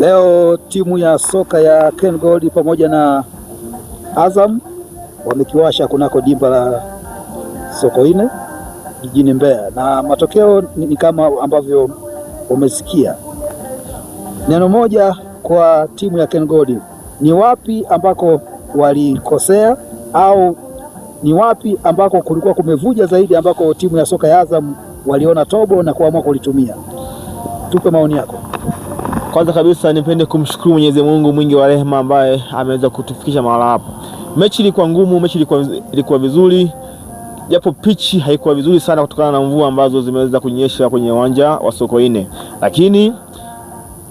Leo timu ya soka ya Ken Gold pamoja na Azam wamekiwasha kunako dimba la Sokoine jijini Mbeya, na matokeo ni kama ambavyo umesikia. Neno moja kwa timu ya Ken Gold, ni wapi ambako walikosea au ni wapi ambako kulikuwa kumevuja zaidi, ambako timu ya soka ya Azam waliona tobo na kuamua kulitumia? Tupe maoni yako. Kwanza kabisa nipende kumshukuru Mwenyezi Mungu mwingi wa rehema ambaye ameweza kutufikisha mahala hapa. Mechi ilikuwa ngumu, mechi ilikuwa, ilikuwa vizuri japo pichi haikuwa vizuri sana kutokana na mvua ambazo zimeweza kunyesha kwenye uwanja wa Sokoine, lakini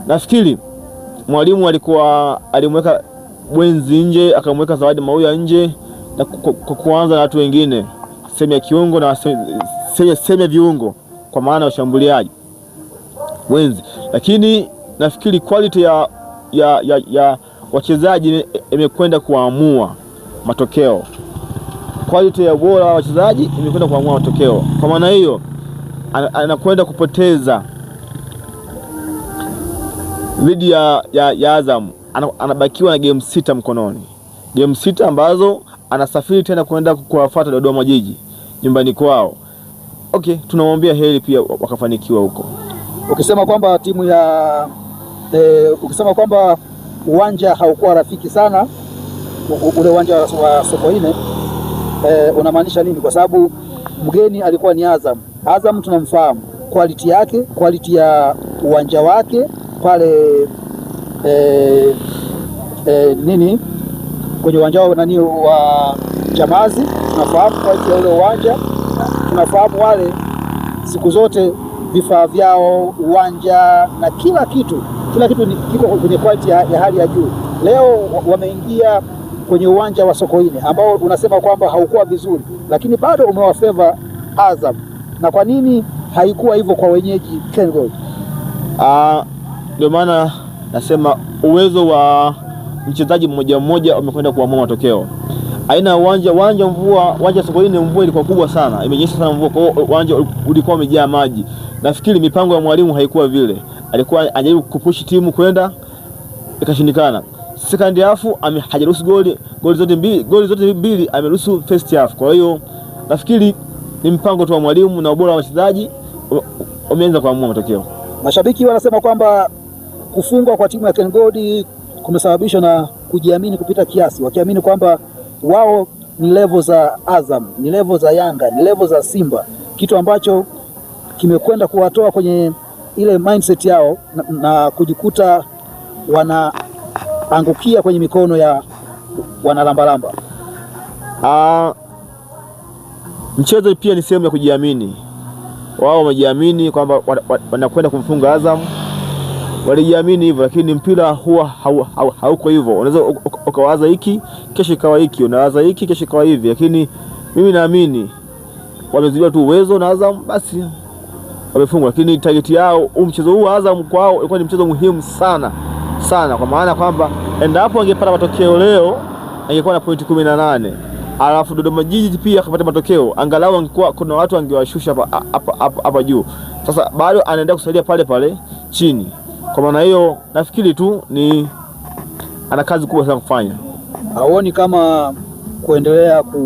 nafikiri mwalimu alikuwa alimweka Bwenzi nje akamweka Zawadi Mauya nje na kwa kuanza na watu wengine sehemu ya kiungo na sehemu ya viungo kwa maana ya ushambuliaji Bwenzi, lakini nafikiri quality ya, ya, ya, ya wachezaji imekwenda kuamua matokeo. Quality ya ubora wa wachezaji imekwenda kuamua matokeo. Kwa maana hiyo anakwenda kupoteza dhidi ya, ya, ya Azam, anabakiwa na game sita mkononi, game sita ambazo anasafiri tena kwenda kuwafuata Dodoma Jiji nyumbani kwao. Okay, tunamwambia heri pia wakafanikiwa huko, ukisema kwamba timu ya e, ukisema kwamba uwanja haukuwa rafiki sana ule uwanja wa Sokoine e, unamaanisha nini? Kwa sababu mgeni alikuwa ni Azam. Azam tunamfahamu quality yake, quality ya uwanja wake pale e, e, nini kwenye uwanja wao nani wa jamazi tunafahamu quality ya ule uwanja, tunafahamu wale siku zote vifaa vyao, uwanja na kila kitu kila kitu kiko kwenye quality ya, ya hali ya juu. Leo wameingia kwenye uwanja wa Sokoine ambao unasema kwamba haukuwa vizuri, lakini bado umewafeva Azam. Na kwa nini haikuwa hivyo kwa wenyeji KenGold? Ah, ndio maana nasema uwezo wa mchezaji mmoja mmoja umekwenda kuamua matokeo aina ya uwanja uwanja, mvua uwanja Sokoine, mvua ilikuwa kubwa sana, imenyesha sana mvua, kwa hiyo uh, uwanja ulikuwa umejaa maji. Nafikiri mipango ya mwalimu haikuwa vile, alikuwa anajaribu kupushi timu kwenda, ikashindikana. Second half hajaruhusu goli, goli zote mbili, goli zote mbili ameruhusu first half. Kwa hiyo nafikiri ni mpango tu wa mwalimu na ubora wa wachezaji umeanza kuamua matokeo. Mashabiki wanasema kwamba kufungwa kwa timu ya Ken Gold kumesababishwa na kujiamini kupita kiasi, wakiamini kwamba wao ni levo za Azam, ni levo za Yanga, ni levo za Simba, kitu ambacho kimekwenda kuwatoa kwenye ile mindset yao na, na kujikuta wanaangukia kwenye mikono ya wanalambalamba. Ah, mchezo pia ni sehemu ya kujiamini. Wao wamejiamini kwamba wanakwenda kumfunga Azam walijiamini hivyo, lakini mpira huwa hauko hivyo. Unaweza ukawaza hiki kesho ikawa hiki, unawaza hiki kesho ikawa hivi, lakini mimi naamini wamezidiwa tu uwezo na Azam basi wamefungwa, lakini target yao mchezo huu Azam kwao ilikuwa ni mchezo muhimu sana sana, kwa maana kwamba endapo angepata matokeo leo angekuwa na pointi kumi na nane alafu Dodoma Jiji pia akapata matokeo, angalau angekuwa kuna watu angewashusha hapa juu. Sasa bado anaendelea kusalia pale pale chini. Kwa maana hiyo nafikiri tu ni ana kazi kubwa sana kufanya. Hauoni kama kuendelea ku,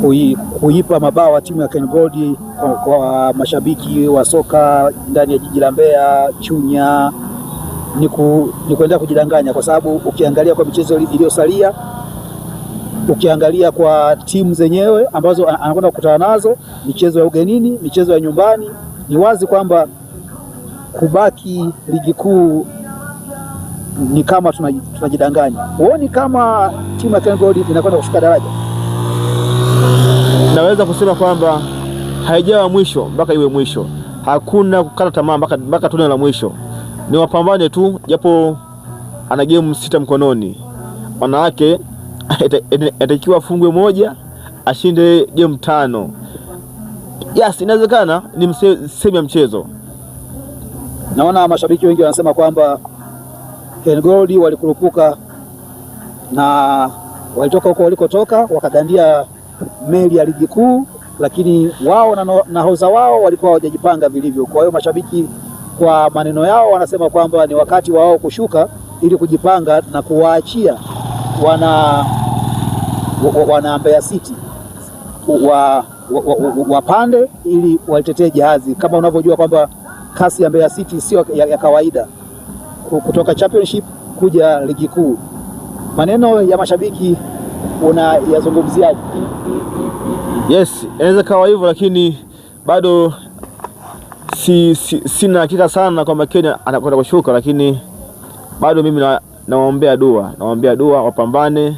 kui, kuipa mabawa timu ya Ken Gold kwa, kwa mashabiki wa soka ndani ya jiji la Mbeya, Chunya ni, ku, ni kuendelea kujidanganya, kwa sababu ukiangalia kwa michezo iliyosalia, ukiangalia kwa timu zenyewe ambazo anakwenda kukutana nazo, michezo ya ugenini, michezo ya nyumbani, ni wazi kwamba kubaki ligi kuu ni kama tunajidanganya. Huoni kama timu ya Ken Gold inakwenda kushuka daraja? Naweza kusema kwamba haijawa mwisho mpaka iwe mwisho. Hakuna kukata tamaa mpaka mpaka tone la mwisho. Ni wapambane tu, japo ana game sita mkononi. Wanawake atakiwa afungwe moja, ashinde game tano. Yes, inawezekana. Ni sehemu ya mchezo Naona mashabiki wengi wanasema kwamba Ken Gold walikurupuka na walitoka huko walikotoka wakagandia meli ya ligi kuu, lakini wao na nahoza wao walikuwa hawajajipanga vilivyo. Kwa hiyo mashabiki kwa maneno yao wanasema kwamba ni wakati wao kushuka ili kujipanga na kuwaachia wana wana Mbeya City wapande wa, wa, wa ili walitetee jahazi kama unavyojua kwamba kasi ya Mbeya City sio ya, ya kawaida kutoka championship kuja ligi kuu. Maneno ya mashabiki unayazungumziaje? Yes, inaweza kawa hivyo, lakini bado si, si, sina hakika sana kwamba Kenya anakwenda kushuka, lakini bado mimi nawaombea na dua, nawaombea dua wapambane,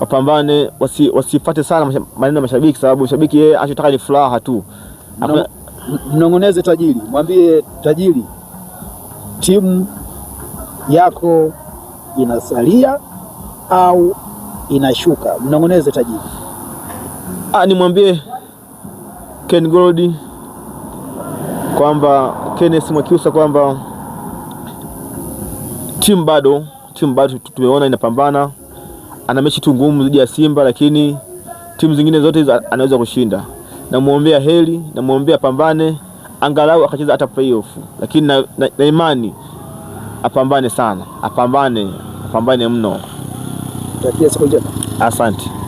wapambane wasifate sana maneno ya mashabiki, sababu mashabiki yeye anachotaka ni furaha tu mnong'oneze tajiri, mwambie tajiri, timu yako inasalia au inashuka. Mnong'oneze tajiri, ah, nimwambie Ken Gold kwamba Kenneth Mwakiusa kwamba timu bado timu bado tumeona inapambana, ana mechi tu ngumu dhidi ya Simba, lakini timu zingine zote anaweza kushinda namwombea heri, namwombea pambane angalau akacheza hata playoff, lakini na, na, na imani apambane sana, apambane, apambane mno. Asante.